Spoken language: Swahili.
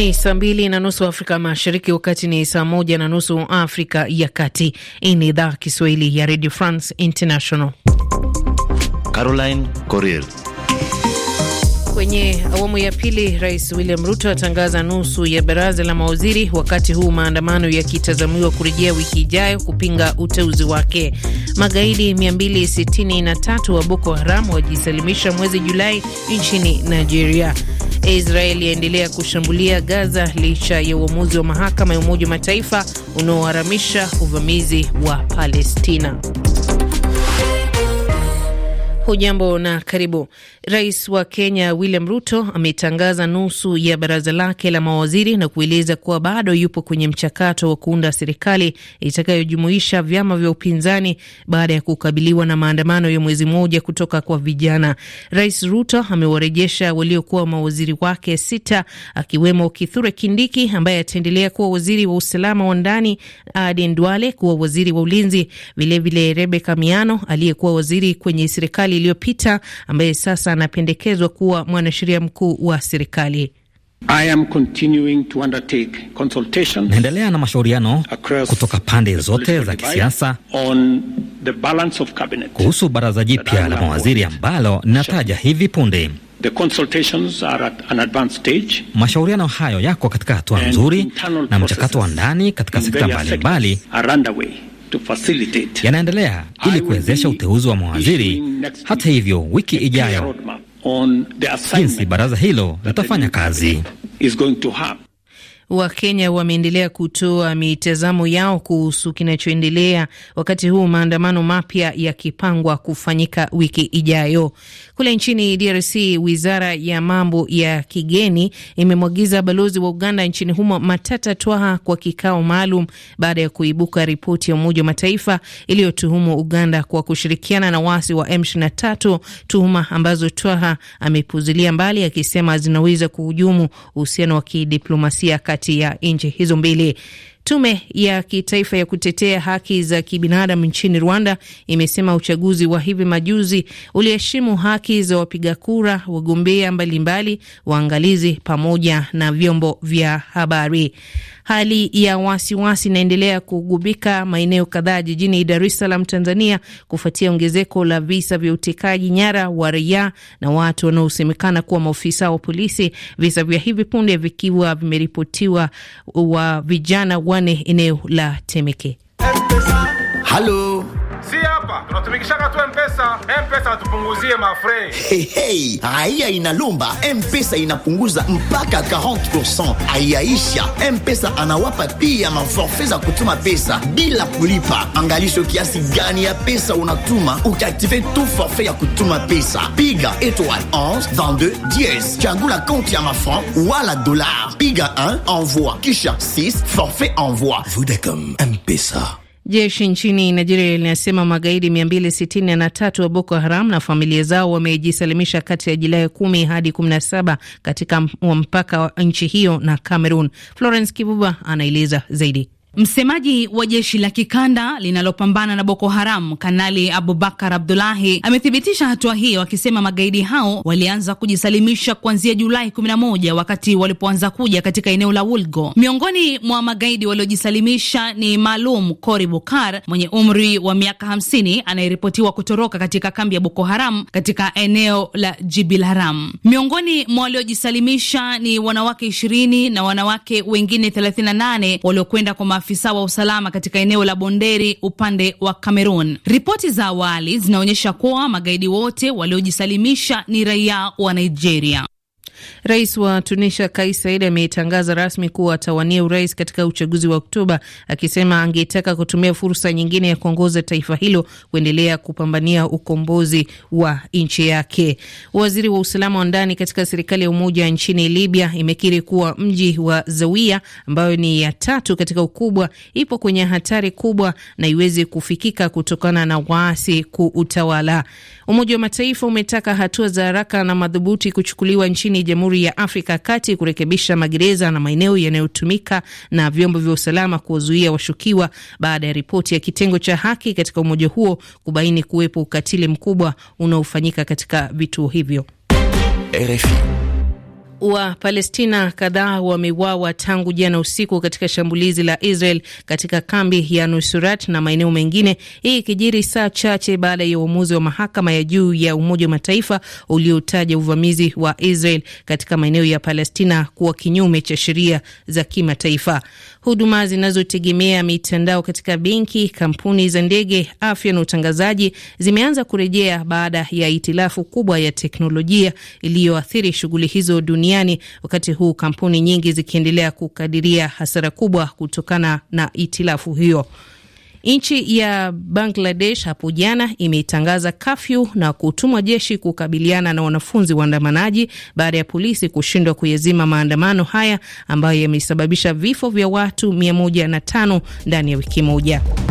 Ni saa mbili na nusu Afrika Mashariki, wakati ni saa moja na nusu Afrika ya Kati. Hii ni idhaa Kiswahili ya Radio France International. Caroline Corel Kwenye awamu ya pili, Rais William Ruto atangaza nusu ya baraza la mawaziri, wakati huu maandamano yakitazamiwa kurejea wiki ijayo kupinga uteuzi wake. Magaidi 263 wa Boko Haram wajisalimisha mwezi Julai nchini Nigeria. Israel yaendelea kushambulia Gaza licha ya uamuzi wa mahakama ya Umoja wa Mataifa unaoharamisha uvamizi wa Palestina. Hujambo na karibu. Rais wa Kenya William Ruto ametangaza nusu ya baraza lake la mawaziri na kueleza kuwa bado yupo kwenye mchakato wa kuunda serikali itakayojumuisha vyama vya upinzani baada ya kukabiliwa na maandamano ya mwezi mmoja kutoka kwa vijana. Rais Ruto amewarejesha waliokuwa mawaziri wake sita, akiwemo Kithure Kindiki ambaye ataendelea kuwa waziri wa usalama wa ndani, Aden Ndwale kuwa waziri wa ulinzi, vilevile Rebeka Miano aliyekuwa waziri kwenye serikali iliyopita ambaye sasa anapendekezwa kuwa mwanasheria mkuu wa serikali. Naendelea na mashauriano kutoka pande zote za kisiasa kuhusu baraza jipya la mawaziri ambalo ninataja hivi punde. Mashauriano hayo yako katika hatua nzuri na mchakato wa ndani katika sekta mbalimbali yanaendelea ili kuwezesha uteuzi wa mawaziri. Hata hivyo, wiki ijayo jinsi baraza hilo litafanya kazi is going to Wakenya wameendelea kutoa mitazamo yao kuhusu kinachoendelea, wakati huu maandamano mapya yakipangwa kufanyika wiki ijayo. Kule nchini DRC, wizara ya mambo ya kigeni imemwagiza balozi wa Uganda nchini humo Matata Twaha kwa kikao maalum baada ya kuibuka ripoti ya Umoja wa Mataifa iliyotuhumu Uganda kwa kushirikiana na waasi wa M23, tuhuma ambazo Twaha amepuzilia mbali akisema zinaweza kuhujumu uhusiano wa kidiplomasia kati kati ya nchi hizo mbili. Tume ya kitaifa ya kutetea haki za kibinadamu nchini Rwanda imesema uchaguzi wa hivi majuzi uliheshimu haki za wapiga kura, wagombea mbalimbali, waangalizi pamoja na vyombo vya habari. Hali ya wasiwasi inaendelea wasi kugubika maeneo kadhaa jijini Dar es Salaam, Tanzania, kufuatia ongezeko la visa vya utekaji nyara wa raia na watu wanaosemekana kuwa maofisa wa polisi, visa vya hivi punde vikiwa vimeripotiwa wa vijana wane eneo la Temeke. Halo. tunatumikishaga tu mpesa mpesa natupunguzie mafre hey, hey. Aya inalomba mpesa inapunguza mpaka 40% ayaisha mpesa anawapa pia maforfe za kutuma pesa bila kulipa. Angalisho kiasi gani ya pesa unatuma ukiaktive tu forfe ya kutuma pesa. Piga étoile 11 22 10 chagula konti ya mafran wala dolar, piga 1 envoi kisha 6 forfait envoi. Vodacom mpesa Jeshi nchini Nigeria linasema magaidi 263 wa Boko Haram na familia zao wamejisalimisha kati ya Julai kumi hadi 17 katika mpaka wa nchi hiyo na Cameroon. Florence Kibuba anaeleza zaidi. Msemaji wa jeshi la kikanda linalopambana na Boko Haram, Kanali Abubakar Abdulahi amethibitisha hatua hiyo, akisema magaidi hao walianza kujisalimisha kuanzia Julai 11 wakati walipoanza kuja katika eneo la Wulgo. Miongoni mwa magaidi waliojisalimisha ni Maalum Kori Bukar mwenye umri wa miaka 50 anayeripotiwa kutoroka katika kambi ya Boko Haram katika eneo la Jibil Haram. Miongoni mwa waliojisalimisha ni wanawake 20 na wanawake wengine 38 waliokwenda kwa maafisa wa usalama katika eneo la Bonderi upande wa Cameroon. Ripoti za awali zinaonyesha kuwa magaidi wote waliojisalimisha ni raia wa Nigeria. Rais wa Tunisia Kais Saied ametangaza rasmi kuwa atawania urais katika uchaguzi wa Oktoba, akisema angetaka kutumia fursa nyingine ya kuongoza taifa hilo kuendelea kupambania ukombozi wa nchi yake. Waziri wa usalama wa ndani katika serikali ya umoja nchini Libya imekiri kuwa mji wa Zawia ambayo ni ya tatu katika ukubwa ipo kwenye hatari kubwa na iwezi kufikika kutokana na waasi kuutawala. Umoja wa Mataifa umetaka hatua za haraka na madhubuti kuchukuliwa nchini Jamhuri ya Afrika ya Kati kurekebisha magereza na maeneo yanayotumika na vyombo vya usalama kuwazuia washukiwa baada ya ripoti ya kitengo cha haki katika umoja huo kubaini kuwepo ukatili mkubwa unaofanyika katika vituo hivyo. RFI wa Palestina kadhaa wameuawa tangu jana usiku katika shambulizi la Israel katika kambi ya nusurat na maeneo mengine, hii ikijiri saa chache baada ya uamuzi wa mahakama ya juu ya Umoja wa Mataifa uliotaja uvamizi wa Israel katika maeneo ya Palestina kuwa kinyume cha sheria za kimataifa huduma zinazotegemea mitandao katika benki, kampuni za ndege, afya na utangazaji zimeanza kurejea baada ya itilafu kubwa ya teknolojia iliyoathiri shughuli hizo duniani, wakati huu kampuni nyingi zikiendelea kukadiria hasara kubwa kutokana na itilafu hiyo. Nchi ya Bangladesh hapo jana imetangaza kafyu na kutumwa jeshi kukabiliana na wanafunzi waandamanaji baada ya polisi kushindwa kuyazima maandamano haya ambayo yamesababisha vifo vya watu 105 ndani ya wiki moja.